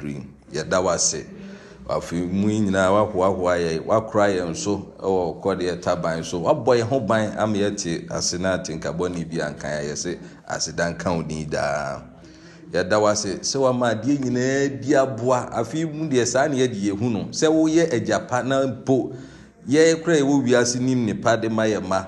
dream yɛda wase afei mu nyinaa wahoahoa yɛ wakora yɛn nso ɛwɔ kɔdeɛ taban so wabɔ yɛn ho ban ama yɛte ase na -ate nkabɔ atenkabɔne bi anka yɛ sɛ aseda nka wo din daa yɛda wase sɛ wama adeɛ nyinaa di aboa afi mu deɛ saa ne yɛde yɛhu no sɛ woyɛ agyapa na mpo yɛ kora yɛwɔ wiase nim nipa de ma yɛ ma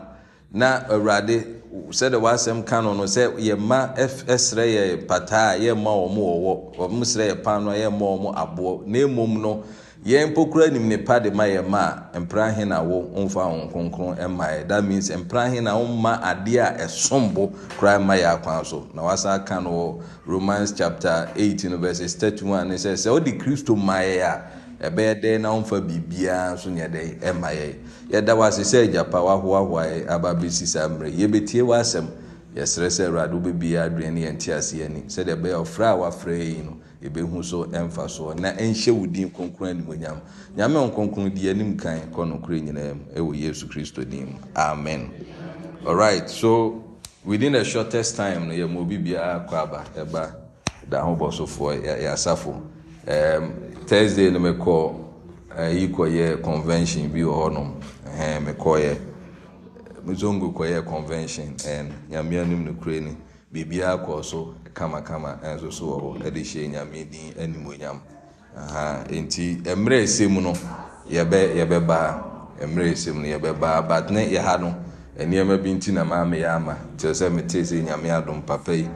na awurade sɛde w'asɛm ka no no sɛ yɛma srɛ yɛ pataa a yɛmma ɔ m wɔwɔ ɔm srɛ yɛ pa no a yɛmma ɔ aboɔ na mmom no yɛn mpokura nim nipa de ma yɛ ma a mpra na wo mfa wo kronkron mmaeɛ that means mpra he na womma adeɛ a ɛsom bo koraa ma yɛ akwan so na wasa aka wɔ romans chapter 18 verses 31 ne sɛ sɛ wode kristo maeɛ a ɛbɛyɛ dɛn na womfa biribiara nso nyɛ dɛn ɛma yɛn yɛda w'ase sɛ agyapa wahoahoaɛ aba bɛsi saa mmerɛ yɛbɛtie w'asɛm yɛsrɛ sɛ awurade wobɛbiaa adwene ne yɛnte aseɛ ani sɛdeɛ ɛbɛyɛ ɔfrɛ a wafrɛ yi no yɛbɛhu so ɛmfa soɔ na ɛnhyɛ wo din kronkron animonyam nyame ɔnkronkron di anim kan kɔ nokorɛ nyinaa mu ɛwɔ yesu kristo din mu amen alright so within the shortest time no yɛma obi biara kɔ aba ɛba da ho bɔ sofoɔ yɛasafo thursday no mɛkɔ yi kɔyɛ convention bi wɔ hɔnom ɛhɛn mekɔyɛ zongo kɔyɛ convention and nyamea nim no ni biribiara kɔɔ so kamakama nso so wɔ hɔ de hyɛ nyame din animonyam nti mmerɛ ɛsɛ mu no yɛbɛ yɛbɛbaa mmerɛ ɛsɛ mu no yɛbɛbaa but ne yɛ ha no nneɛma bi nti na maa mi yɛ ama kyerɛ sɛ mete sɛ nyame adom papa yi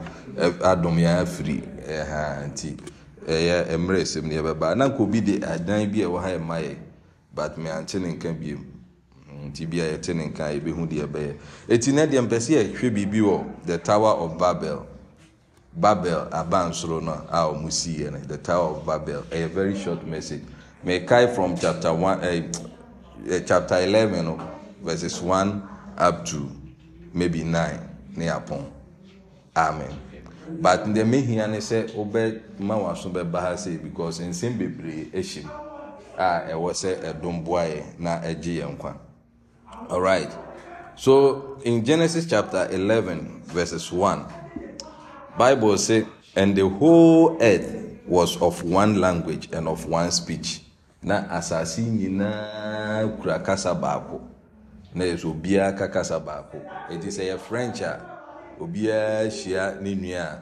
adom yɛ afiri ɛha nti ɛyɛ mmerɛ ɛsɛ mu no yɛbɛbaa na bi de adan bi a ɛwɔ ha ɛma yɛ but mɛ ankye ne nka biem. nti bia yɛte ne nka yɛbɛhu deɛ ɛbɛyɛ ɛti deɛ mpɛ sɛ yɛhwɛ biribi wɔ the tower of babel babel abansoro no a ɔmo siiɛ no the tower of babel A very short message mekae from chapter one eh, eh, chapter eleven no verses one up to maybe nine ne apɔn amen but the mehia ne sɛ wobɛ ma waso bɛba ha sei because nsɛm bebree ahyɛ mu a ɛwɔ sɛ ɛdom boaeɛ na ɛgye yɛn kwan. All right. So in Genesis chapter 11 verses 1, Bible says, "And the whole earth was of one language and of one speech." Na asasi nyinaa kura kasa baako. Na ɛsɛ obiara ka kasa baako. Eti sɛ French a, ah. shia hyia ne nua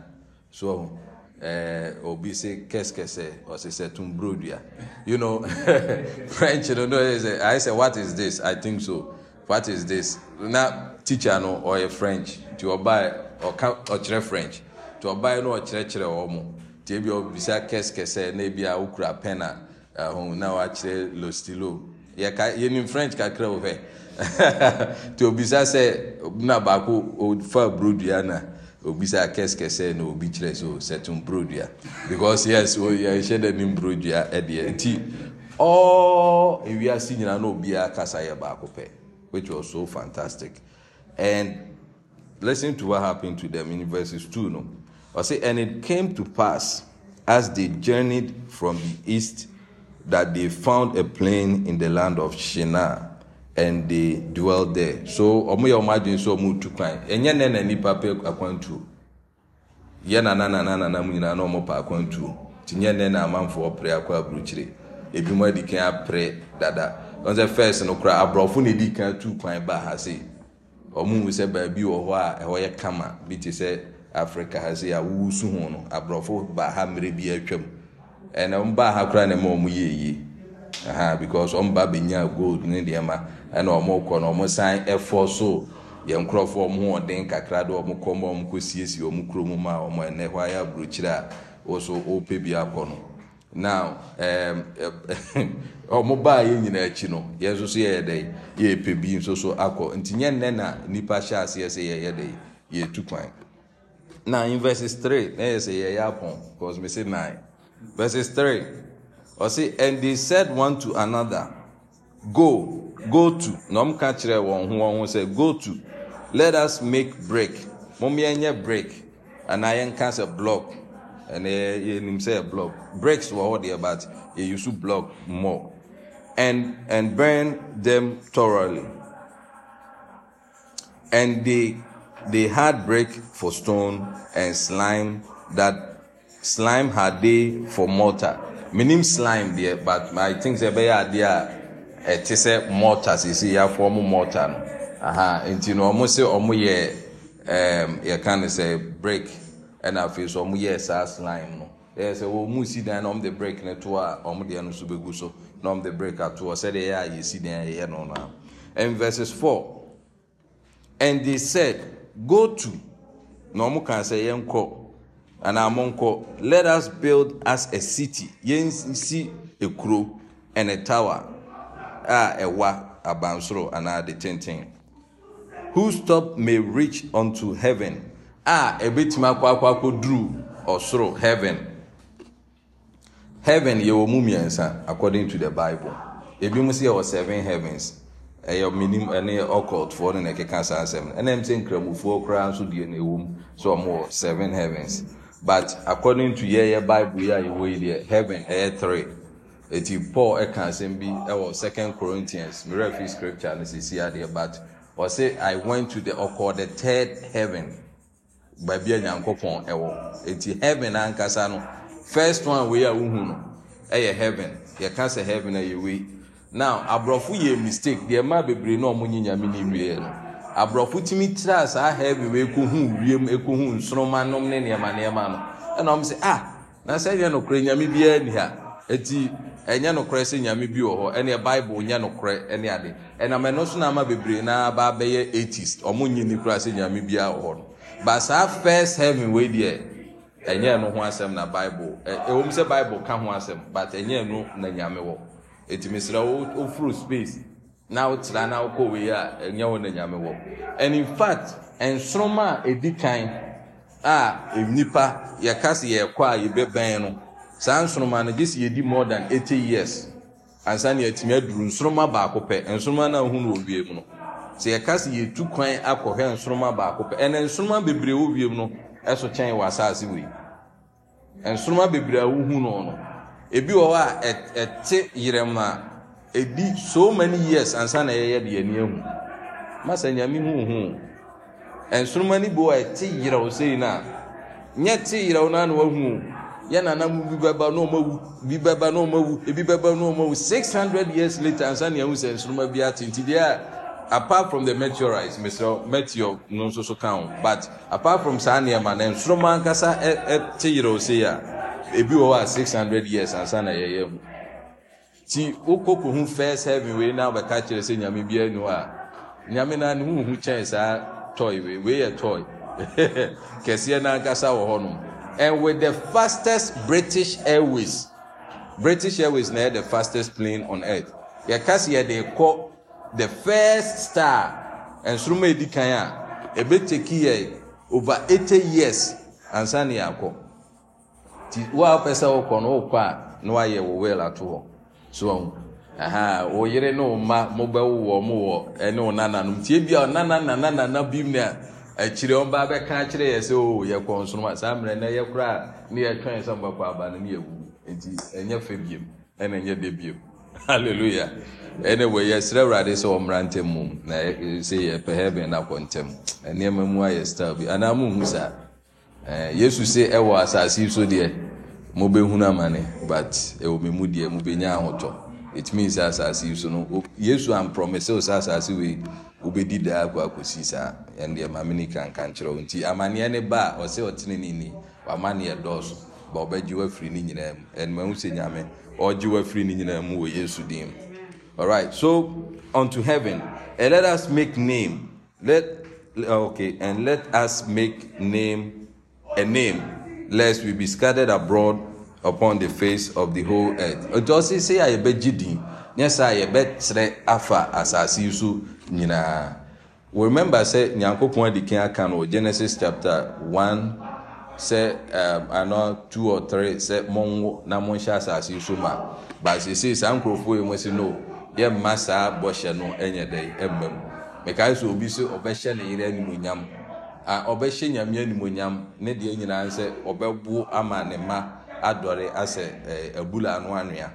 So ɛɛ eh, obi sɛ kɛsekɛsɛ ɔsɛ sɛ You know French no know? I say, what is this? I think so. what is this na teacher no ɔyɛ french nti ɔbaa ɔka ɔkyerɛ french nti ɔbaa no ɔkyerɛkyerɛ wɔn mo nti ebi ɔbisa kɛsekɛsɛ na ebi a okura pen a ɛho na wakyerɛ lo stilo yɛ ka yɛnim french kakra wɔ hɛ nti obisa sɛ na baako ofa brodua na obisa kɛsekɛsɛ na obi kyerɛ so sɛtum brodua because yes yɛhyɛ e dɛ nim brodua ɛdeɛ e nti ɔɔ ewiase nyinaa na obiara kasa yɛ baako pɛ. which was so fantastic. And listen to what happened to them in verses 2. No? I say, And it came to pass as they journeyed from the east that they found a plain in the land of Shinar and they dwell there. So ọmụ ya ọmụ adịghị nso ọmụ tu kwan. Enye nne na nipa pe akwantuo. Ya na na na na na na mụ nyinaa na ọmụ pa akwantuo. Tinye nne na amanfo ọpere akwa aburukyire. Ebi mụ adị kan apere dada. sɛ firs no kora aborɔfo na-edi kan tu kwan baa ha sei ọmụ sɛ baabi wɔ hɔ a ɛhɔ yɛ kama bi te sɛ ha sei awusu ho no aborɔfo baa ha mmerɛ bi atwam ɛnna ha koraa ne ma ɔmo yie yie because ba gold ne nneɛma kɔ san ɛfɔ so yɛn ho ɔden kakra do kɔ siesie ma ɛnɛ hɔ ayɛ a bi ɔmo oh, yɛ nyinaa akyi no yɛn nso so yɛyɛ dɛ yɛpɛ bi nso so akɔ nti nyɛ nnɛ na nipa hyɛ aseɛ sɛ yɛyɛ dɛ yɛtu kwan na in verses three na yɛ sɛ yɛyɛ apɔn cause me say nine verses three ɔsi and they said one to another go go to na ɔmo ka kyerɛ wɔn ho wɔn ho sɛ go to let us make break mo nyɛ break anaa yɛn ka sɛ block and yɛ yɛ nim sɛ block breaks wɔ hɔ deɛ but yɛ use block more. and, and burn them thoroughly. And they, they had brick for stone and slime that slime had they for mortar. Meaning slime there, but I think they better idea. It is a mortar, sisi ya form mortar. Aha, nti na ɔmo say ɔmo yɛ ɛɛm yɛka ne sɛ break ɛna afei so ɔmo yɛ saa slime no. Ɛyɛ sɛ wɔn mu si dan na ɔmo break ne to a ɔmo deɛ no so begu so. na ɔmo de To ato sɛdeɛ ɛyɛ you see deɛ here no na and verses four and they said go to na ɔmo kan sɛ yɛn kɔ anaa let us build as a city see, a ekuro and a tower Ah, a ɛwa abansoro and de tenten Who stop may reach unto heaven Ah, a bit ma akɔ akɔ akɔ duru ɔsoro heaven heaven yɛwɔ mu mmiɛnsa according to the bible ebi mu si yɛwɔ seven heavens ɛyɛ minim ɛne occultfoɔ no na ɛkeka saa asɛm no ɛnna sɛ nkramofoɔ koraa nso deɛ na ɛwɔ mu so wɔn wɔ seven heavens but according to your bible yɛ a yɛwɔ yi deɛ heaven ɛyɛ three eti paul ɛka asɛm bi ɛwɔ second corinthians mìíràn fi scripture no sisi adeɛ but ɔsɛ i went to the ɔkɔ the third heaven baabi a nyankopɔn ɛwɔ eti heaven ankasa no. first one wei a wohu no ɛyɛ heaven yɛka sɛ heaven ɛyɛ wei now aborɔfo yɛ mistake deɛ mmaa bebree na ɔmo nye nyame ne wie no aborɔfo tumi tra saa heaven wei kohu wiem ekohu nsoroma nom ne nneɛma nneɛma no ɛna ɔmo sɛ ah na sɛ ɛnyɛ nokorɛ nyame biara ni ha eti ɛnyɛ nokorɛ sɛ nyame bi wɔ hɔ ɛna bible nyɛ nokorɛ ɛne ade ɛnam ɛno so na ama bebree na aba bɛyɛ atheist ɔmo nyi ne kura sɛ nyame biara wɔ hɔ no but saa first heaven wei deɛ. ɛnyɛ ɛno ho asɛm na bible ɛwɔm e, e, sɛ bible ka ho asɛm but ɛnyɛ ɛno na nyame wɔ ɛtumi srɛ wofuru space na wotena na wokɔ wei a ɛnyɛ hɔ na nyame wɔ and in fact nsoroma a ɛdi kan a nipa yɛka sɛ yɛkɔ a yɛbɛbɛn no saa nsoroma no gye sɛ yɛdi more than eighty years ansa na yɛatumi aduru nsoroma baako pɛ nsoroma no a wohu no wɔ wiem no sɛ yɛka sɛ yɛtu kwan akɔhwɛ nsoroma baako pɛ ɛnɛ nsoroma bebree wɔ wiem no ɛso kyɛn wɔ asaase wei nsoroma bebree a wohu no no ebi wɔ hɔ a ɛte yerɛm a edi so many years ansa na yɛyɛ de yɛn ehu masa nyame huhu nsoroma no bi wɔ a ɛte yerɛw sei na nyɛ te yerɛw na na wahu yɛ nanam bi bɛba na ɔma wu bi bɛba na ɔma wu ebi bɛba na ɔma wu six hundred years later ansa na yɛn hu sɛ nsoroma bi ate nti deɛ a apart from the meteorites mr meteor no nso so ka ho but apart from saa nneɛma na nsoroma ankasa ɛte eh, eh, yerɛ ose a ebi wɔ hɔ a six hundred years ansa na yɛyɛ mu ti wokɔ kohun first heaven wei ah. na bɛka kyerɛ sɛ nyame bi anu a nyame na ne huhu kyɛn saa toy wei wei yɛ toy kɛseɛ n'ankasa wɔ hɔ nom and with the fastest british airways british airways na yɛ the fastest plane on earth yɛ kasi yɛ de kɔ the first star nsoroma edi kan a ebe teki yɛ over eighty years ansa ne akɔ ti wo a sɛ wokɔ no wokɔ a na wayɛ wo wɛl ato hɔ so aha wo yere ne wo mo bɛ wo wɔ mo wɔ ɛne wo nananom tie bi a nana nana nana bi mu na akyire wɔn ba bɛka akyerɛ yɛ sɛ o yɛ kɔ nsoroma saa mmerɛ na yɛ kora a ne yɛ twɛn sɛ mbɛkɔ aba no ne yɛ wu nti ɛnyɛ fɛ biem ɛna ɛnyɛ de biem. halleluya ɛne wɔ yɛsrɛ awurade sɛ ɔmmra ntɛm mu na sɛ yɛpɛ heaven akɔ ntɛm nneɛma mu ayɛ star bi anaa muhu saa yesu se ɛwɔ asase so deɛ mobɛhunu amane but ɛwɔ me mu deɛ mobɛnya ahotɔ it means sɛ asase so no yesu amprɔmɛsɛ wo sɛ asase wei wobɛdi daa akɔ akɔsi saa ɛndeɛ ma mene kanka nkyerɛ wo nti amanneɛ ne ba a ɔsɛ ɔtene ne ni wamanneɛ dɔɔso ba ɔbɛgye wafiri ne nyinaa mu ɛnumahu sɛ nyame ɔgye wafiri ne nyinaa mu wɔ yesu din alright so unto heaven and let us make name let okay and let us make name a name lest we be scattered abroad upon the face of the whole earth ɔtɔ si sɛ a yɛbɛgye din nyɛ sɛ a yɛbɛkyerɛ afa asase yi so nyinaa remember say nyankopɔn adi kan aka no genesis chapter one. sɛ ana um, two or three sɛ monwo na monhyɛ asase so mu a baasesei saa nkurɔfoɔ yi mu si no yɛmma saa bɔhyɛ no nyɛ dɛn mma mu mekae sɛ obi sɛ ɔbɛhyɛ ne yere animonyam a ɔbɛhyɛ nyame animonyam ne deɛ nyinaa sɛ ɔbɛbo ama ne mma adɔre asɛ abula eh, ano anwea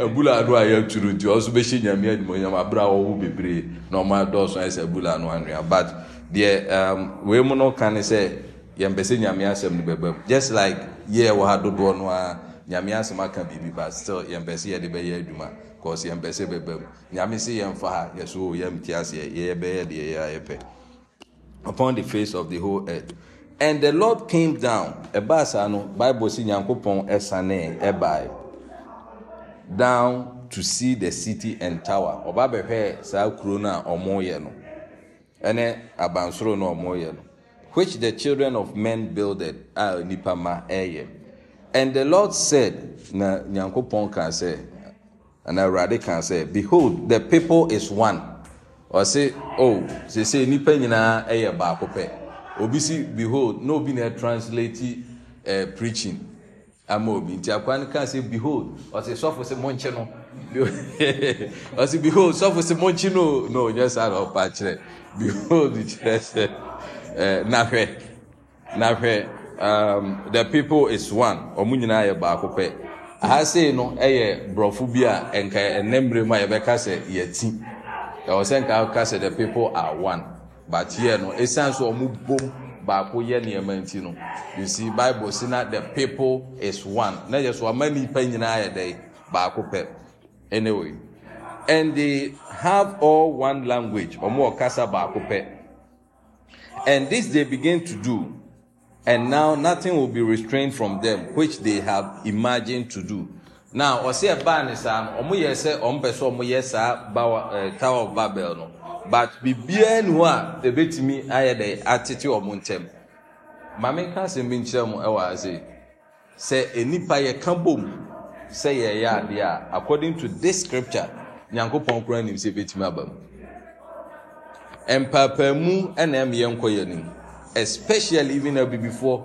abula ano a yɛaturu nti ɔso bɛhyɛ nyame animonyam aberɛ a wɔwo bebree na ɔma adɔɔso ayɛ sɛ abula ano anwea but deɛ um, wei mu no ka ne sɛ yɛmpɛ sɛ nyame asɛm no bɛba mu just like yɛɛ wɔ ha dodoɔ no ara nyame asɛm aka biribi ba still yɛmpɛ sɛ yɛde bɛyɛ adwuma cause yɛmpɛ sɛ bɛba mu nyame sɛ yɛmfa ha yɛso yɛmte aseɛ yɛyɛbɛyɛ deɛ yɛa yɛpɛ upon the face of the whole earth and the lord came down ɛbaa saa no bible sɛ nyankopɔn ɛsane ɛbae down to see the city and tower ɔba bɛhwɛ saa kuro no a ɔmo yɛ no ɛne abansoro no ɔmo yɛ no which the children of men builded a nipa and the lord said and I read it ana awurade behold the people is one ɔse o oh, sese nipa nyinaa ɛyɛ baako pɛ obi si behold no obi a translate ɛɛ eh, preaching ama obi nti akwa no kaa sɛ behold ɔse sɔfo sɛ mɔnkye no ɔse behold so sɛ mɔnkye monchino. no just saa na ɔpa behold it is. sɛ. na hwɛ na hwɛ the people is one ɔmo nyinaa yɛ baako pɛ aha sei no yɛ borɔfo bi a nka ɛnɛ mmerɛ mu a yɛbɛka sɛ yɛti ɛwɔ sɛ nka ka sɛ the people are one but here no esan so ɔmo bom baako yɛ nneɛma nti no you see bible si na the people is one na yɛ so ama nipa nyinaa yɛ dɛ baako pɛ anyway and they have all one language ɔmo wɔ kasa baako pɛ. And this they begin to do, and now nothing will be restrained from them, which they have imagined to do. Now, ɔsi ɛbaa ne sa no, ɔmo yɛ sɛ ɔmo pɛ sɛ bawa ɛɛ tower of babel no, but bibiara ni hɔ a ebetumi ayɛ dɛ atete ɔmo ntɛm. Maame nka asɛm bi nkyerɛ mo ɛwɔ ase, sɛ enipa yɛ ka bom sɛ yɛ yɛ adeɛ a according to this scripture, nyankopɔn kura nim sɛ ebetumi aba mu mpaapaamu na ɛma yɛn nkɔ yɛn anim especially even abibifoɔ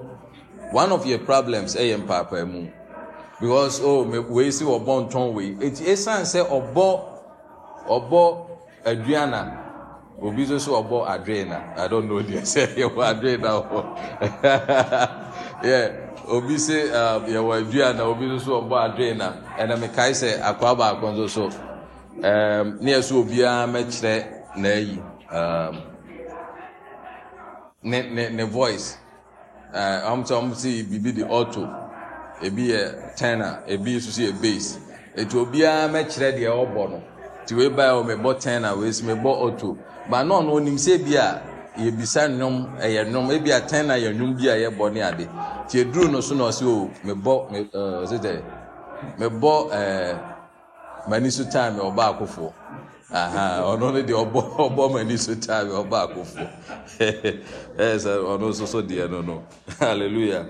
one of your problems yɛ mpaapaamu because oh wei si ɔbɔ ntɔn wei eti esan sɛ ɔbɔ ɔbɔ aduana obi nso so ɔbɔ adrena i don't know deɛ sɛ yɛwɔ adrena hɔ yeah obi sɛ uh, yɛwɔ aduana obi nso so ɔbɔ adrena ɛna mekae sɛ akwa baako nso so ɛɛm ne yɛ so obiara mɛkyerɛ na ne ne ne voice ɔmsɛ ɔm sɛ biribi di auto ebi yɛ tena ebi nso si yɛ base etu obiara mɛkyerɛ deɛ ɔbɔ no nti weibaɛ wɔ mebɔ tena weisi mebɔ auto ba ne ɔno ɔnim sɛ ebi a yɛbisa nnwom ɛyɛ nnwom ebi a tena yɛ nnwom bi a yɛbɔ ne ade nti eduru no so na ɔsi o mebɔ me ɛɛ ɔsɛ dɛ mebɔ ɛɛ m'ani so time ɔbaa akofoɔ. ɔno uh, no deɛ ɔbɔ mani so tae ɔba akofoɔ sɛ ɔno soso so deɛ no no hallelujah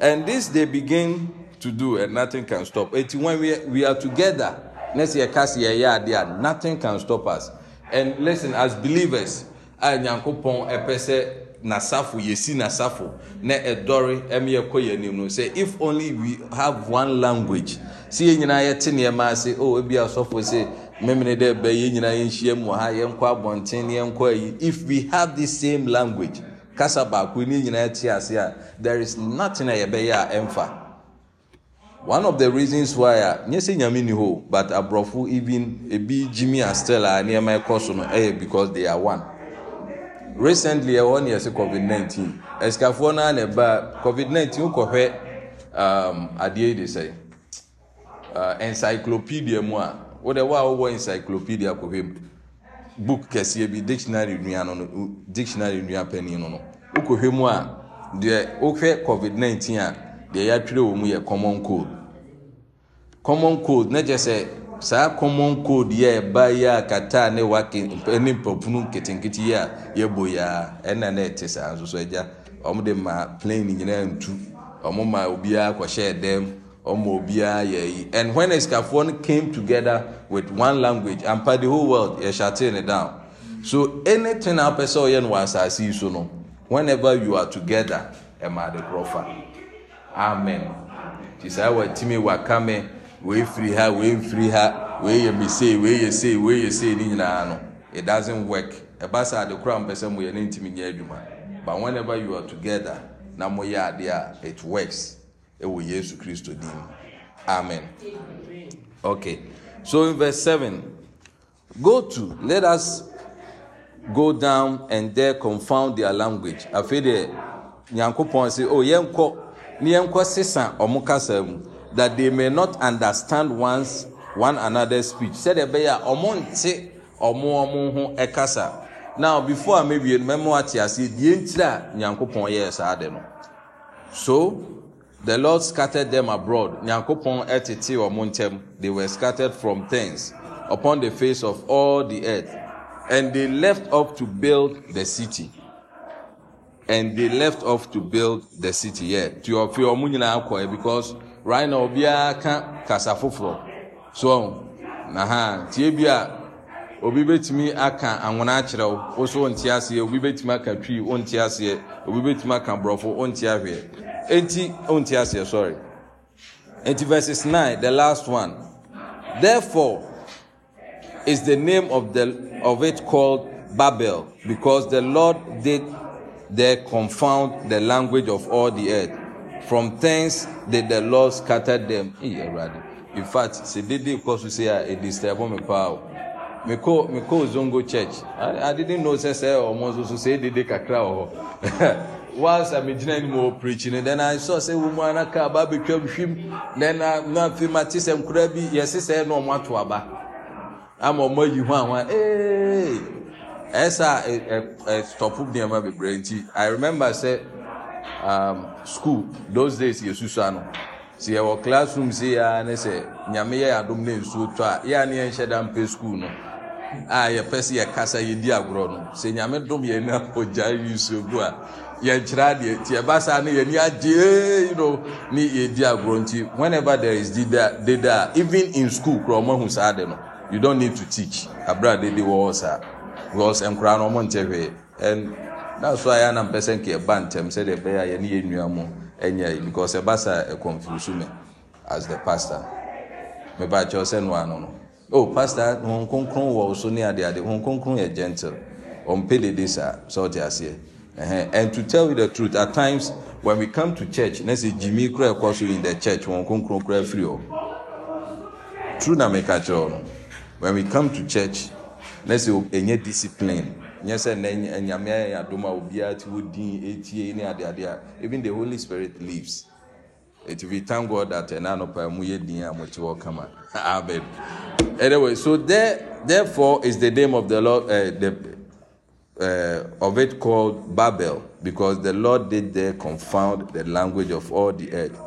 and this they begin to do and nothing can stop eti when we, we are together next year kasi yɛyɛ adeɛ nothing can stop us and listen as believers a nyankopɔn ɛpɛ sɛ nasafo yɛsi nasafo na ɛdɔre ɛmi ɛkɔ yɛn anim no sɛ if only we have one language See, yɛn nyinaa yɛte nneɛma ase oh ebi asɔfo say. memene dɛ bɛ yɛ nyinaa yɛnhyia mu ha yɛnkɔ abɔnten yɛnkɔ ayi if we have the same language kasa baako ne nyinaa te ase a there is nothing a yɛbɛyɛ a ɛmfa one of the reasons why a nyɛ sɛ nyame ni hɔ but aborɔfo even ebi jimmy and stella a nneɛma ɛkɔ so no ɛyɛ because they are one recently ɛwɔ ne yɛsɛ covid nineteen ɛsikafoɔ naa na ɛba covid nineteen kɔhwɛ um, adeɛ de sɛ uh, encyclopedia mu a. wode wo a wowɔ encyclopedia kɔhwɛ book kɛseɛ bi dictionary nnua pani no no wokɔhwɛ mu a deɛ wohwɛ covid-19 a deɛ yɛatwerɛ wɔ mu yɛ common cold common cold na kyɛ sɛ saa common cold yɛ ɛba yi a kataa ne wne mpapunu nketenkete yi a yɛbɔ yi a ɛna na ɛte saa nso so agya ɔmode ma plane nyinaa ntu ɔmo ma obiara kɔhyɛ dɛm ɔmo obiara yɛ yi and when esikafoɔ no came together with one language and for the whole world yɛ shate ne down so anything a pɛ sɛ ɔyɛ no wɔ asaase yi so no whenever you are together ɛma ade korɔ fa amen ti saa wɔtumi wakame woefiri ha woefiri ha woeyɛ mesei woeyɛ sei woeyɛ sei ne nyinaa no it doesn't work ɛba sɛ ade korɔ a mpɛ sɛ mo yɛ ne ntumi nyɛ adwuma but whenever you are together na mo yɛ adeɛ a it works ɛwɔ yesu kristo din amen okay so in verse seven go to let us go down and there confound their language afei deɛ nyankopɔn sɛ o oh, yɛnkɔ ne yɛnkɔ sesa ɔmo kasa mu that they may not understand once one another's speech sɛdeɛ ɛbɛyɛ a ɔmo nte ɔmo ɔmo ho ɛkasa now before a mewie no mɛmo ate aseɛ die ntira nyankopɔn yɛɛ saa de no so the lord scattered them abroad nyankopɔn ɛtete wɔn ntɛm they were scattered from tents upon the face of all the earth and they left off to build the city and they left off to build the city yeah to your fi ɔmo nyinaa kɔ because right now obiara ka kasa foforɔ so na ha tie bi a obi betumi aka anwona akyerɛ wo woso nti aseɛ obi betumi aka twi wo nti aseɛ obi betumi aka borɔfo wo nti ahwɛ enti ɔnti Asia. sorry enti verses nine the last one therefore is the name of the of it called Babel because the Lord did there confound the language of all the earth from thence did the Lord scatter them ee ɛwurade in fact see, sɛ dede kɔ so say a edi sɛbɔ mi paa me call kɔ mi zongo church I, I didn't know sɛ sɛ ɔmo nso so sɛ dede kakra wɔ hɔ. once I'm gyina anim wɔ preach no then I saw say wɔn mu anaka aba abɛtwa hwim then na na afei ma te sɛ nkura bi yɛsi sɛ na wɔn ato aba ama wɔn ayi ho ahoa ee ɛsa ɛ ɛ stɔpo nneɛma bebree nti I remember sɛ um, school those days yɛ susu ano si yɛ wɔ classroom si yɛ ne sɛ nyame yɛ adum ne nsuo tɔ a yɛ a ne yɛn hyɛ dan pe school no a ah, yɛpɛ sɛ yɛkasa yɛdi agorɔ no sɛ nyame dom yɛn na ɔgya yusuo gu a yɛnkyerɛ adeɛ nti ɛba saa no yɛn ni agye you know ne yɛdi agorɔ nti whenever there is dida dida even in school kora ɔmo ahu saa de no you don't need to teach abira dede wɔ hɔ saa because nkora no ɔmo nkyɛ hwee and that's why anam pɛ sɛ nka ɛba ntɛm sɛdeɛ ɛbɛyɛ a yɛne yɛn nua mo ɛnyɛ yi because ɛba saa ɛkɔnfusu me as the pastor meba kyɛw sɛ noa no no oh pastor honhom kronkron wɔ wo so ne adeade honhom kronkron yɛ gentle ɔmpɛ dede saa sɛ ɔte aseɛ and to tell you the truth at times when we come to church na sɛ Jimmy kora ɛkɔ so in the church honhom kronkron kora firi hɔ true na meka kyerɛ no when we come to church na sɛ ɛnyɛ discipline nyɛ sɛ nɛ nyame ayɛ adom a obiara te wɔ din etie ne adeade a even the holy spirit leaves It we thank God that I eh, enanopa muye din amochiwo kama. Amen. Anyway, so there, therefore is the name of the Lord, uh, the, uh, of it called Babel, because the Lord did there confound the language of all the earth.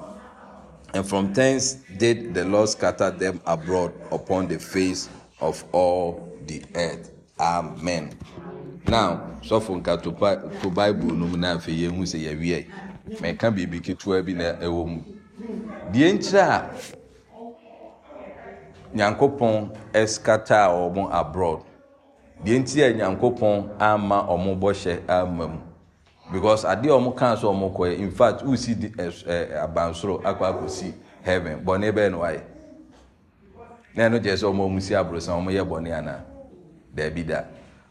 And from thence did the Lord scatter them abroad upon the face of all the earth. Amen. Now, so for Bible, no, na fe yehu se yewie. meka biribi ketewa bi na ɛwɔ mu deɛ nkyirɛ a nyankopɔn ɛskataa ɔ mo abroad deɛ nti a nyankopɔn ama ɔmo bɔhyɛ amma mu because adeɛ ɔmo kaa so ɔmo kɔɛ infact wosi abansoro akɔ akɔsi heaven bɔne bɛɛ no wayɛ na ɛno gye sɛ ɔmo ɔmo si aborosan ɔmo yɛ bɔne ana daabi da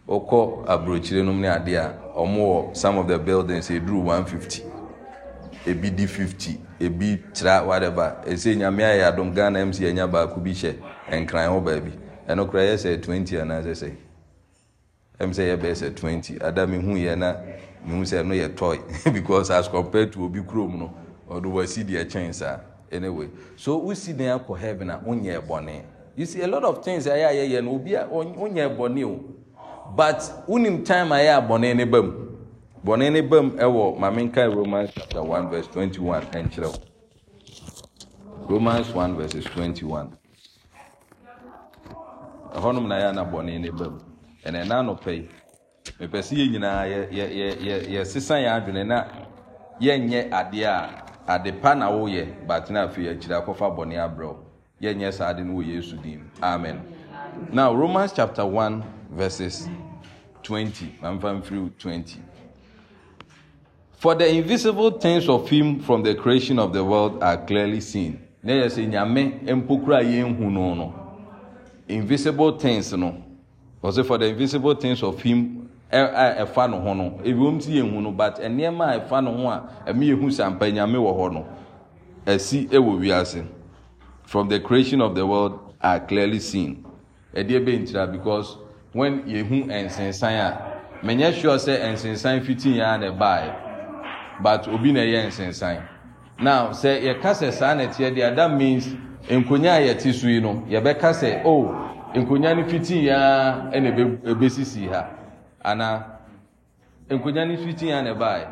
wɔkɔ aburokyire nom ne adeɛ a ɔmo wɔ some of the buildings ɛduru 150 ebi di 50 ebi kyerɛ whatever ɛsɛ nyame ayɛ adom ghana mc anya baako bi hyɛ nkran hɔ baabi ɛno kora yɛ sɛ 20 anaasɛ sɛ ɛm sɛ yɛbɛyɛ sɛ twenty. ada mehu yɛ na mehu sɛ ɛno yɛ toy because as compared to obi kurom no ɔde wasi deɛ kyɛn saa anyway so wosi dan akɔ heaven a wonyɛ bɔne you see a lot of things ayɛ ayɛyɛ no obi a wonyɛ bɔne o but wonim time ayɛ abɔne ne ba mu bɔne ne bam wɔ mamenka romans chapter one verse twenty one wo romans 1 verses 21 ɛhɔnom na yɛ ana bɔne ne bam ɛnɛ ɛna anɔpɛ yi mepɛ sɛ yɛn nyinaa yɛsesa yɛn adwene na yɛnyɛ adeɛ a ade pa na woyɛ but na afei akyiri akɔfa bɔne abrɛw yɛnyɛ saa ade no wɔ yesu dim amen now romans chapter 1 verses 20 mamfa mfiri twenty for the invisible things of him from the creation of the world are clearly seen Ne yɛ sɛ nyame mpokura yɛn hu no no invisible things no wɔsɛ for the invisible things of him a ɛfa no ho no ebiom ti yɛn hu no but nneɛma a ɛfa no ho a ɛmi yɛn hu sampa nyame wɔ hɔ no ɛsi ɛwɔ wiase from the creation of the world are clearly seen ɛdeɛ bɛ ntira because when yɛn hu nsensan a mɛnyɛ sure sɛ nsensan fitin yɛn a na ɛbaa yɛ. but obi na ɛyɛ nsensan now sɛ yɛka sɛ saa na ɛteɛ deɛ that means nkonnwa a yɛte so yi no yɛbɛka sɛ oh nkonnwa no ya na ɛbɛsisi ha ana nkonnwa no ya na ɛbaeɛ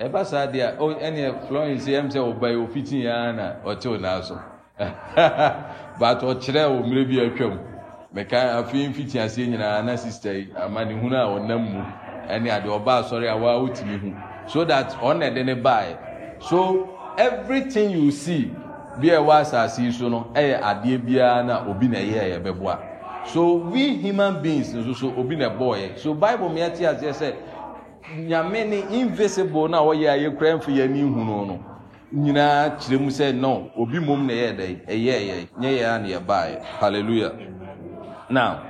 ɛba saa deɛ oh ɛne Florence yɛm sɛ ɔbaeɛ ofitii ya na ɔte o so but ɔkyerɛ wɔ mmerɛ bi mu mɛka afei mfiti aseɛ nyinaa na sista yi ama ne hunu a ɔnam mu ɛne hu. so that ɔna ɛde ne baeɛ so everything you see bi a ɛwɔ asase yi so no ɛyɛ eh, adeɛ biara na obi na ɛyɛ ɛbɛboa eh, so we human beings nso so obi na ɛbɔɔyɛ so bible mi ɛte aseɛ sɛ nyame ne invisible na ɔyɛ a yɛkura mfe yɛ ne nhunu no nyinaa kyerɛ mu sɛ no obi mom na ɛyɛ dɛ ɛyɛ eh, ɛyɛ nyɛ yɛ a na yɛ baeɛ hallelujah now.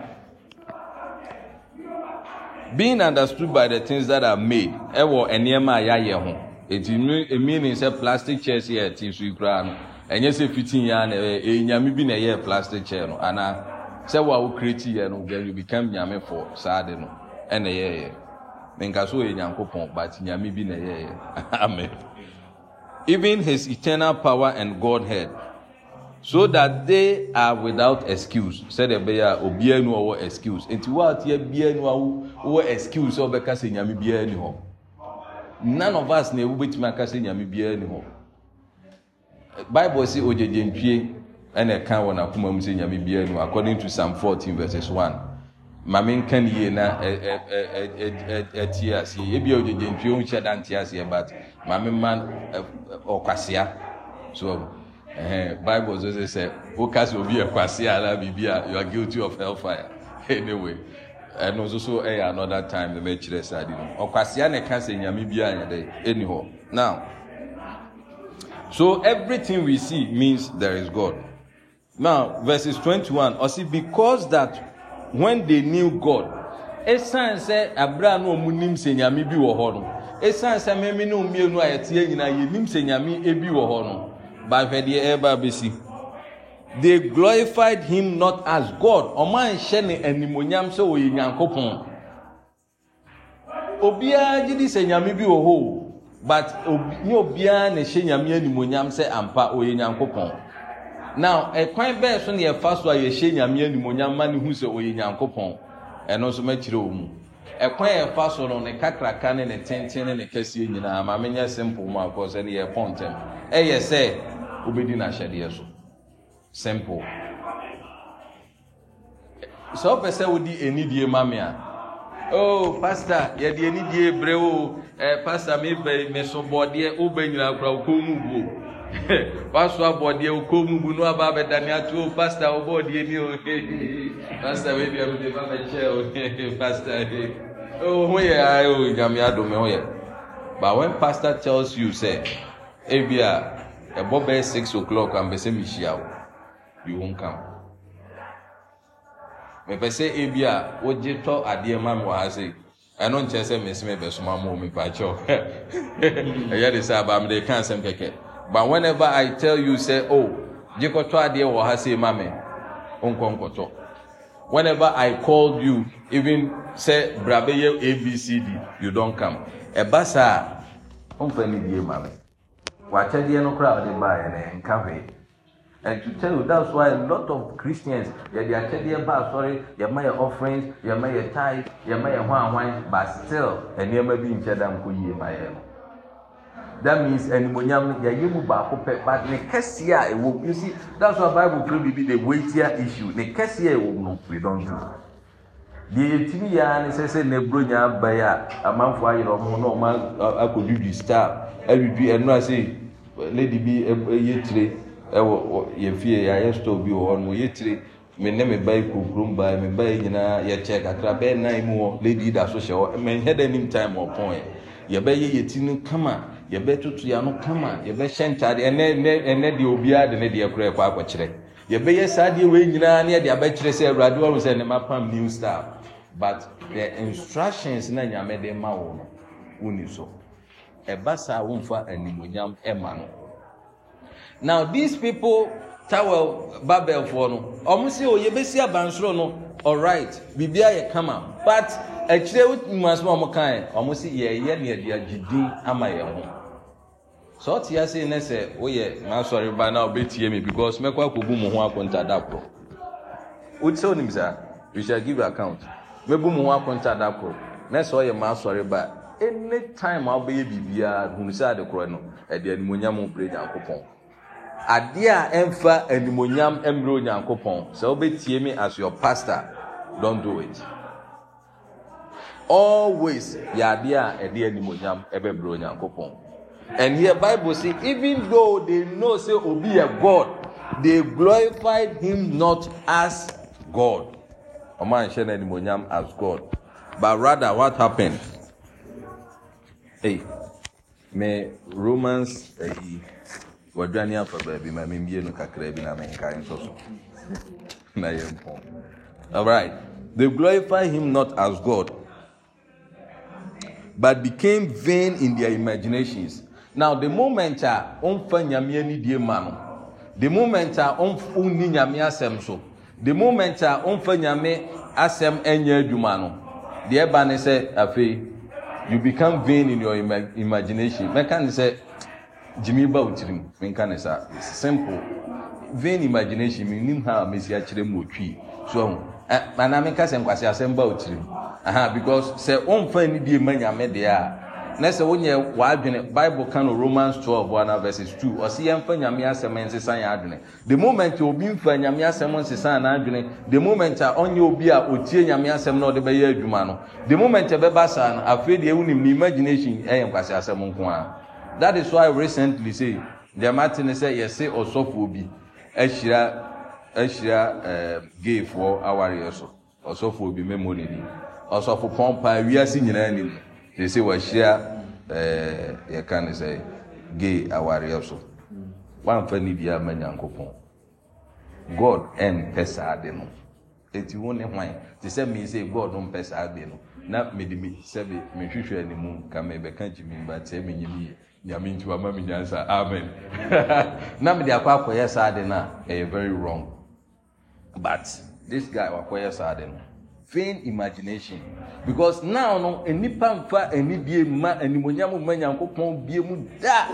being understood by the things that are made ɛwɔ nneɛma a yɛayɛ ho eti mi emi ni sɛ plastic chairs yɛ ti so koraa no ɛnyɛ sɛ fitin ya na ɛyɛ enyame bi na ɛyɛ plastic chair no ana sɛ wo a wo kireti yɛ no then you become nyame for saa de no ɛna ɛyɛ yɛ nka so yɛ nyanko pɔn but nyame bi na ɛyɛ yɛ amen even his eternal power and godhead so that they are without excuse sɛdeɛ bɛyɛ a obiara nu ɔwɔ excuse nti wɔateɛ biara nu ɔwɔ excuse ɔbɛka sɛ nyame biara ni hɔ none of us na ewu bɛtumi aka sɛ nyame biara ni hɔ bible si ogyegye ntwie ɛna ɛka wɔ n'akoma mu sɛ nyame biara ni hɔ according to psalm fourteen verses one maame nka ne yie na ɛ e, ɛ e, ɛ e, ɛ ɛtie aseɛ ebi a ogyegye ntwie ohun hyɛ dante aseɛ but maame man ɛ ɔkwasia so. Eh, bible say eh, o woka sɛ obi ɛkwase anaa biribi a you are guilty of fire anyway ɛno nso so ɛyɛ eh, another time na mɛkyerɛ saa adi no a na ɛka sɛ nyame bi anyɛ dɛ ɛni họ now so everything we see means there is god now verses twenty-one ɔsi because that when they knew god esan sɛ abira na wɔn nim sɛ nyame bi wɔ hɔ no esan sɛ mɛmi na wɔn mmienu a yɛte nyinaa nim sɛ bi wɔ no. bafɛdeɛ ɛreba abɛsi they glorified him not as god ɔman hyɛ ne animonyam sɛ ɔyɛ nyankopɔn obiara gye di sɛ bi wɔ hɔ but nye obiara na ɛhyɛ nyami animonyam sɛ ampa ɔyɛ nyankopɔn now ɛkwan bɛɛ so na yɛfa so a yɛhyɛ nyami animonyam ma ne hu sɛ ɔyɛ nyankopɔn ɛno nso mɛkyerɛ wɔ mu ɛkwan a yɛfa so no ne kakraka ne ne tenten ne ne kɛseɛ nyinaa maame nyɛ simple mu akɔ sɛ ne yɛpɔ ntɛm wobɛdi no ahyɛdeɛ so simple sɛ wopɛ sɛ wode ɛnidie ma me a oh pastor yɛde anidie brɛ o eh, pastor mepɛ me so bɔdeɛ woba nyinaa kora wokɔn mu buo waso abɔdeɛ wokɔn mu bu no aba abɛdane ato o pastor wobɔdeɛ ni o pastor wɛbia mede ba bɛkyɛ o pastor oh ho yɛ a o oh, nyame adome ho yɛ but when pastor tells you say, hey, ebia ɛbɔ bɛyɛ six o'clock ampɛ sɛ mehyia wo you won't come mepɛ sɛ ebi a wogye tɔ adeɛ ma me wɔ ha sɛ ɛno nkyɛ sɛ mesi me bɛsoma ma wo mepakyɛw ɛyɛ de sɛ aba mede ka asɛm kɛkɛ but whenever i tell you say, oh, gye kɔtɔ adeɛ wɔ ha sɛ ma me wonkɔ nkɔtɔ whenever i called you even sɛ bra bɛyɛ abcd you don come ɛba saa a ɔmfa ne die ma me wakyɛdeɛ no koraa ɔde baeɛ no nka hwee and to tell you that's why a lot of christians yɛde akyɛdeɛ ba asɔre yɛma yɛ offerings yɛma yɛ tithe yɛma yɛ ho ahwan but still nneɛma bi nkyɛ da nkɔ yie ma yɛ no that means animonyam no yɛayɛ mu baako pɛ but ne kɛseɛ a ɛwɔ e mu you see that's why bible tell me be the weightier issue ne kɛseɛ a ɛwɔ e mu no we don't do deɛ yɛtumi yɛ ara ne sɛ sɛ na aburo nya aba yi a amanfoɔ ayerɛ ɔmo na ɔmo akɔdwidwi star adwidwi ɛnu ase lady bi yɛ tire ɛwɔ yɛn fie yɛayɛ store bi wɔ hɔ no yɛ tire me ne me ba yi kuro kurom ba yi me ba yi nyinaa yɛkyɛ kakra bɛyɛ nan mu hɔ lady da so hyɛ hɔ mɛ nhɛ dɛ nim time ɔpɔn yɛ yɛbɛyɛ yɛ ti no kama yɛbɛtutu yɛ ano kama yɛbɛhyɛ ntaade ɛnɛ ɛnɛ ɛnɛ deɛ obiara de ne deɛ korɛ kɔ akɔkyerɛ yɛbɛyɛ saa deɛ wei nyinaa ne yɛde abɛkyerɛ sɛ awurade wɔn sɛ ne ma pam new style but the instructions na nyame de ma wo no woni so ɛba saa womfa animonyam ɛma no now these people tawel babelfoɔ no ɔmo sɛ o oh, yɛbɛsi abansoro no alright biribi ayɛ kama but akyire mmasoma ɔmo kan ɔmo sɛ yɛyɛ ne yɛde agye din ama yɛn ho sɛ ɔte ase ne sɛ woyɛ m'asɔre ba na ɔbɛtie mi because mɛkɔ akɔbu mo ho akɔntadakorɔ wotisɛ onim we shall give account mɛbu mu ho akonta da koro na sɛ ɔyɛ maa sɔre ba any time a wobɛyɛ biribiara hunu sɛ ade korɔ no ɛde animonyam brɛ nyankopɔn adeɛ a ɛmfa animonyam mmerɛ onyankopɔn sɛ wobɛtie me as your pastor don't do it always yɛ adeɛ a ɛde animonyam ɛbɛbrɛ onyankopɔn and here bible say even though they know say obi yɛ god they glorified him not as god ọmọ ànhyẹ na ẹnìmọnyam as god but rather what happened hey me romans ẹyí wọdwani afa baabi ma mi mbie no kakra bi na mi nka nso so na yẹ mpọ alright they glorify him not as god but became vain in their imaginations now the moment a ɔnfa nyamea ni die ma no the moment a ɔnfa ɔnni nyamea asɛm so. the moment a ɔmfa nyame asɛm ɛnyɛ adwuma no deɛ ɛba ne sɛ afei you become vain in your ima imagination mɛka ne sɛ gyimi ba wo tirim menka ne saa simple vain imagination menim ha a mɛsi akyerɛ mu ɔtwii so ahu anaa menka sɛ nkwasi asɛm ba wo tirim aha because sɛ ɔmfa ni die ma nyame deɛ a na sɛ wonyɛ w'adwene bible ka no romans one 1 verses 2 ɔsi yɛmfa nyame asɛm nsesa yɛn adwene the moment obi mfa nyame asɛm nsesa n'adwene the moment a ɔnyɛ obi a otie nyame asɛm na ɔde bɛyɛ adwuma no the moment ɛbɛba e saa no afei deɛ wonim ne imagination ɛyɛ e nkwasi asɛm nko ara that is why recently say deɛ mate ne sɛ yɛse ɔsɔfoɔ bi ahyira e ahyira ɛɛ eh, gayfoɔ awareɛ so ɔsɔfoɔ bi mɛmo ne ni ɔsɔfo pɔnpa wiase nyinaa nim yɛsɛ wahyia yɛka no sɛ gay awareɛ so woamfa ne biaa ma nyankopɔn god ɛmpɛ saa de no ɛti wo ne hwan te sɛ mii sɛ god mpɛ saa de no na mede mi sɛbe mehwehwɛ animu ka mebɛka gyimi ba teɛ menyim yie nyame nti wama me nyansa amen na mede akɔ akɔyɛ saa de eh, no a ɛyɛ very wrong but this guy wakɔyɛ saa de no vain imagination because now no nnipa nfa anidie mma animonyam mma nyankopɔn bie mu da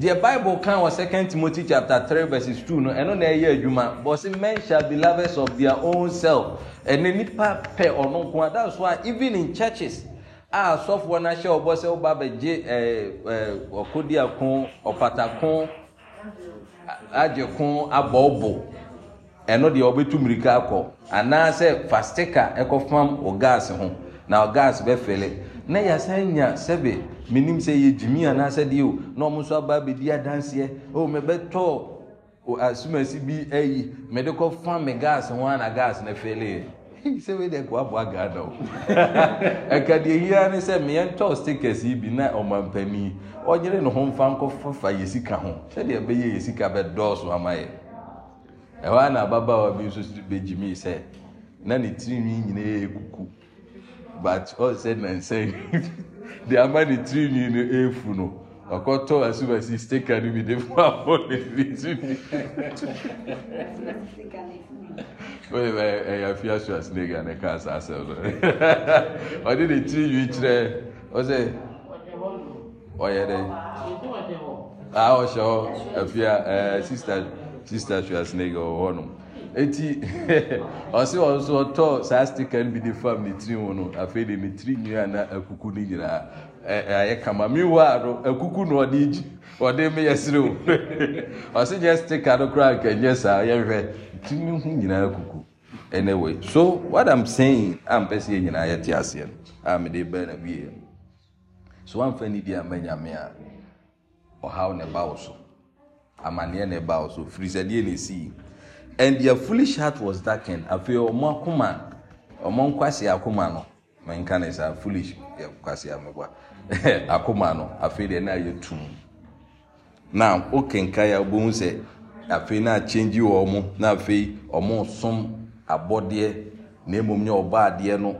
deɛ bible kan wɔ second timothy chapter three verses two no ɛno na ɛyɛ adwuma but say men shall be lovers of their own self ɛnna nipa pɛ ɔno nko ada so a even in churches a asɔfoɔ no ahyɛ ɔbɔ sɛ ɔba oh, abɛgye ɛɛ eh, ɛɛ eh, ɔkodiako ɔpatako agyeko abɔɔbo ɛno deɛ wɔbɛtu mirika akɔ anaasɛ fastika ɛkɔfam wɔ gas ho na gas bɛfɛlɛ na yɛasan nya sɛbe menim sɛ yɛ gyimi anaasɛ deɛ o na ɔmo nso aba abɛdi adanseɛ o mɛbɛtɔ asumasi bi ayi mɛde kɔfa me gas ho ana gas na fɛlɛ sɛ wei deɛ kɔaboa ghana o ɛka deɛ hia ne sɛ meyɛntɔ stickers yi bi na ɔmampani ɔnyere ne ho mfa nkɔfafa yɛ sika ho sɛdeɛ bɛyɛ yɛ sika bɛdɔɔso ama yɛ ɛhɔ a na ababaawa bi nso bɛgye mi sɛ na ne tirinwi nyinaa ekuku but ɔsɛ nansan de ama ne tirinwi no efu no ɔkɔtɔ asubasi stika no bi de fún abɔ ne tirinwi wọ́n yẹ ẹ̀yà fi aṣọ àsìnẹ́gà ní ká àṣà àṣẹ ọ̀dọ́ ọdún ní tirinwi kyerẹ ɔsɛ ɔyɛ dɛ a ɔhyɛ hɔ ɛfia ɛɛ sista sister hweasene yɛ wɔ hɔ nom ɛnti ɔse ɔ so saa stika bi de fam ne tiri ho no afei de ne tiri nnuaana akuku no nyinaa e, e, ayɛ kama mewɔ a no akuku no ɔde gyi ɔde meyɛ sere o ɔse nyɛ stika no koraa nka nyɛ saa yɛhwɛ tumi ho nyinaa akuku anyway so what i'm saying ampɛ sɛ yɛ nyinaa yɛte aseɛ no a mede bɛɛ na wie so wamfa ni di ama nyame a ɔhaw ne ba wo so amanneɛ na ɛbao so firi na ne ɛsii and their foolish heart was darkened afei ɔmo akoma ɔmo nkwasi akoma no menka ne saa foolish kwasi amekwa akoma no afei deɛ na ayɛ tum na okenka ya obohu sɛ afei na akyɛnji wɔ ɔmo na afei ɔmo som abɔdeɛ na emom nyɛ ɔbaa adeɛ no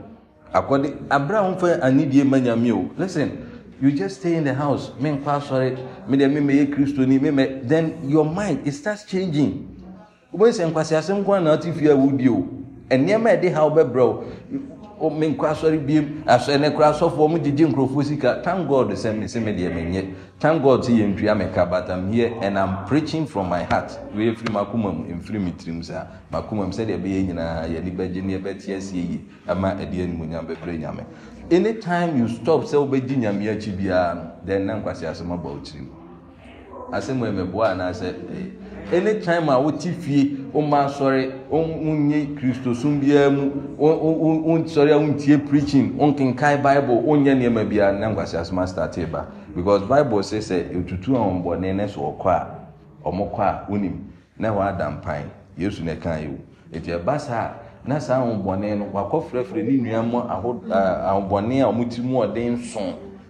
akɔde abira ahomfa anidie manyamie o listen. you just stay in the house men. nkɔ asɔre me deɛ me meyɛ kristoni me then your mind it starts changing wọ́n sɛ nkwasiasɛm kwan na ɔte fie a wodi o nneɛma ɛde ha ɔbɛbrɛ o me nkɔ asɔre biem asɔre ne kora asɔfoɔ mo gyegye nkurɔfoɔ sika thank god sɛ me sɛ me deɛ me nye thank god sɛ yɛn ntua me ka but i'm here and i'm preaching from my heart wei efiri free kuma mu efiri mi tirim saa ma kuma mu sɛdeɛ ɛbɛyɛ nyinaa yɛn ani bɛgye ne ɛbɛte asie yie ama ɛdeɛ animonyam bɛbrɛ nyame. anytime you stop sɛ wobɛgye nyame akyi biara no then na nkwasi asɛm aba wo tirim asɛm wɔ mɛboa anaasɛ eh, anytime a wote fie woma asɔre wonye kristosom biara mu wonsɔre a wontie preaching wonkenkae bible wonyɛ nneɛma biara na nkwasi asɛm astate ba because bible sɛ sɛ etutu ahomebɔne ne so ɔkɔ a ɔmo kɔ a wonim na wɔada mpan yesu na ɛka yi wo nti ɛba saa na saa ahobɔne no wakɔfrɛfrɛ ne nnua mu ahobɔne a ɔmoti mu ɔden nso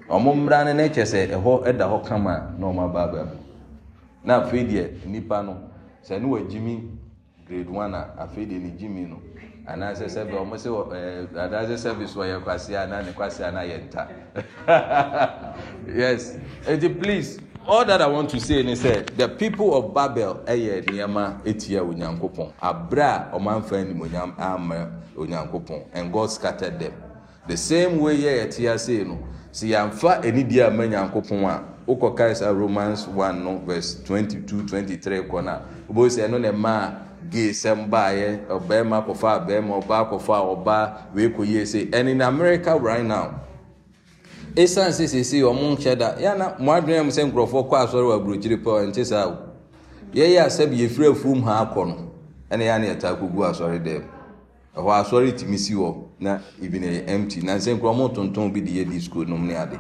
ɔmo mmra no no kyɛ sɛ ɛhɔ da hɔ kama na ɔmabaabaamu na afei deɛ nnipa no sɛ ne wagyimi grade one a afei deɛ ne gyimi no anaasɛ sɛbi ɔmo sɛ anaasɛ sɛbi so ɔyɛ kwasea na ne kwasea na yɛ nta yes eti please all that i want to say ni sɛ the people of babel ɛyɛ nneɛma etia onyankopɔn abira ɔmanfa nimonyam ama onyankopɔn and god scattered them the same way yɛ yɛte ase no si yɛnfa anidie ama nyankopɔn a wokɔ kaisa romans one no verse twenty two twenty three kɔ na obi sɛ ɛno na mmaa gay sɛm baayɛ ɔbɛrima kɔfa abɛrima ɔbaa kɔfa ɔbaa wee kɔ yie sɛ and in america right now. ɛsiane sɛ seesei ɔmo nkyɛ da yɛna moadwene m sɛ nkurɔfoɔ kɔ asɔre wɔ aburokyire pɛ ɔnte saa o yɛyɛ a sɛbi yɛfiri afuom ha akɔ no ɛne yɛa ne yɛtaa kɔgu asɔre dɛm ɛhɔ asɔre tumi si hɔ na even ɛyɛ empty na nsɛ nkurɔ mo tonton bi de yɛdi disko nom ne ade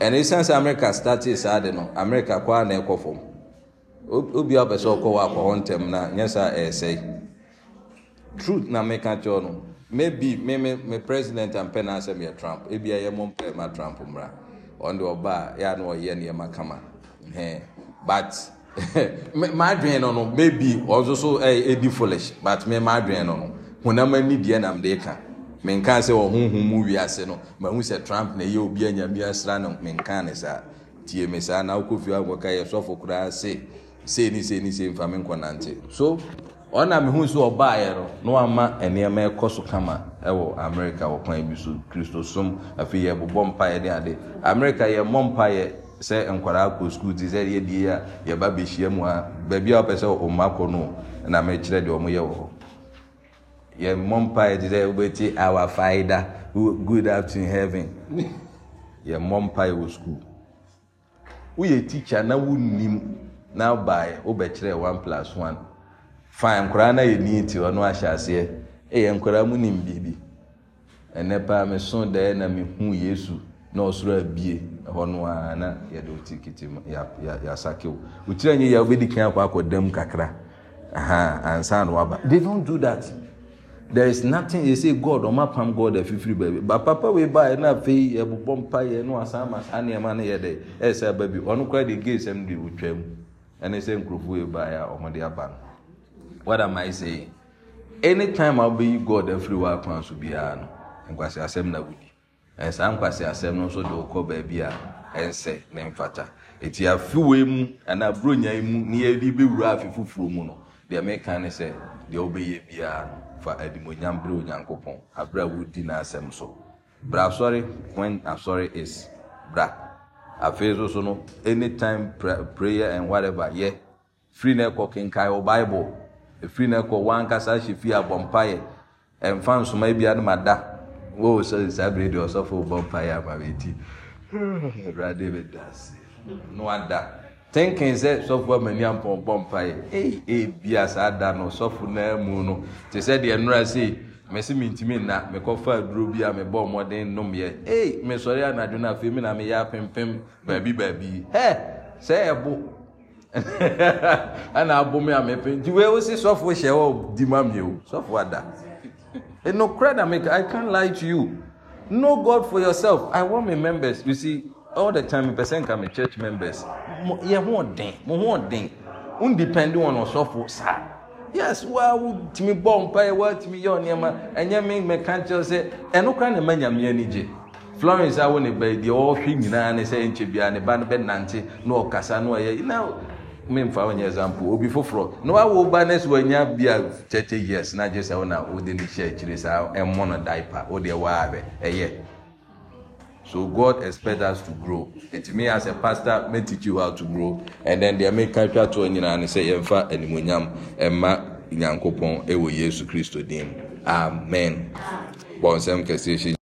ɛno ɛsiane sɛ america startee saa de no america kɔ a na ɛkɔ fam obi a ɔpɛ sɛ ɔkɔ wɔ akɔ hɔ ntɛm na nyɛ saa ɛɛsɛe truth na meka kyɛw no maybe me me me president ampɛ na asɛm yɛ trump ebi a yɛ mo mpɛ ma trump mra ɔno de ɔba yɛ ano ɔyɛ nneɛma kama hɛn but maa dwen no no maybe ɔso so ɛyɛ eh, edi foolish but me maa dwen no no honam ani deɛ nam de ka me nka sɛ ɔhunhun mu wiase no ma hu sɛ trump na yɛ obi a nyame asra no me nka ne saa tie me saa na akɔ fie akɔ ka yɛ sɔfo koraa se se ni se ni se nfa me nkɔ nante so. ɔna mehu so ɔbaeɛ no na wama nnoɔma so kama wɔ amerika wɔ kwan bi so kristosom afei mpa mpaeɛ ne ade amerika mpa mpaeɛ sɛ nkwaraa kɔ ti sɛ yɛdie a yɛba bɛhyia mu a beebi a wopɛ sɛ ɔma kɔ na mekyerɛ deɛ ɔmoyɛ wɔ hɔ ti sɛ awa faida good heaven wɔ na na plus fine nkoraa no yɛ niti ɔno ahyɛ aseɛ yɛ nkwaraa mu nim biribi ɛnɛ paa meso daɛ na mehu yesu na ɔsoro abie hɔ no a na yɛde wotikitiyɛasakewo wotira nyɛ yɛ wobɛdi kan akɔ akɔdam kakra ansa no waba they don't do that there is nothing they say god ọma pam god afifiri baabi ba papa wei ba ẹna afei ẹbobọ mpa yẹ ẹnu asan ma saa nneɛma no yɛ dɛ ɛsɛ aba ɔno de gay sɛm de sɛ nkurɔfoɔ aba what am i saying anytime abɛyi god afiri wɔ akwan so biara no nkwasi asɛm na wudi ɛnsa eh, nkwasi asɛm no nso de ɔkɔ baabi a ɛnsɛ ne mfata eti afiwe mu anaa buronya yi mu ne yɛde bɛwura afi foforɔ mu no deɛ meka ne sɛ deɛ wobɛyɛ biara no fa adimonyam bere onyankopɔn abere a wodi n'asɛm so bra asɔre when asɔre is bra afei nso so no anytime prayer and whatever yɛ free. na ɛkɔ kenkan wɔ bible ɛfiri no ɛkɔ wankasa hyɛ fie abɔ mpaeɛ ɛmfa nsoma bia no mada wɔwɔ sɛ saa bere deɛ ɔsɔfo bɔ mpaeɛ ama bɛti hmm, awurade bɛda ase no ada tenken sɛ sɔfo amani ampɔn bɔ mpaeɛ ebia saa da no sɔfo naa mu no te sɛ deɛ nnora sei mesi mintimi nna mekɔfa aduro bi a mebɔ mmɔden nnumyɛ ee mesɔre anadwo no afei mi na meyɛ apempem baabi baabi hɛ sɛ ɛbo ɛna abomi amepe nti wei wosi sɔfo hyɛ hɔ di ma mi o sɔfo ada enokura eh, na mi i can't lie to you know God for yourself I want my members you see all the time Person nka my church members Mo yɛ ho ɔden mo ho ɔden n depend on ɔsɔfo sa. yes wa Timi bɔ mpa yɛ wa timi yɛ ɔnìyɛma ɛnyɛ mi mɛka kyerɛ sɛ ɛnokura na ma nyamia ni Florence awo ne ba deɛ ɔrehwɛ nyinaa ne sɛ nkyɛ biara ne ba no bɛnante na ɔkasa na ɔyɛ now memfa wɔnyɛ example obi foforɔ na wawo ba ne so wanya bia kyɛkyɛ years na agye sɛ wo na wode ne hyɛ akyire saa ɛmmɔ no diaper wodeɛ waa bɛ ɛyɛ so god expect us to grow it me as a pastor may teach you how to grow and then deɛ meka twa toɔ nyinaa ne sɛ yɛmfa animonyam ɛma nyankopɔn ɛwɔ yesu kristo din amen bɔnsɛm kɛseɛ hyɛ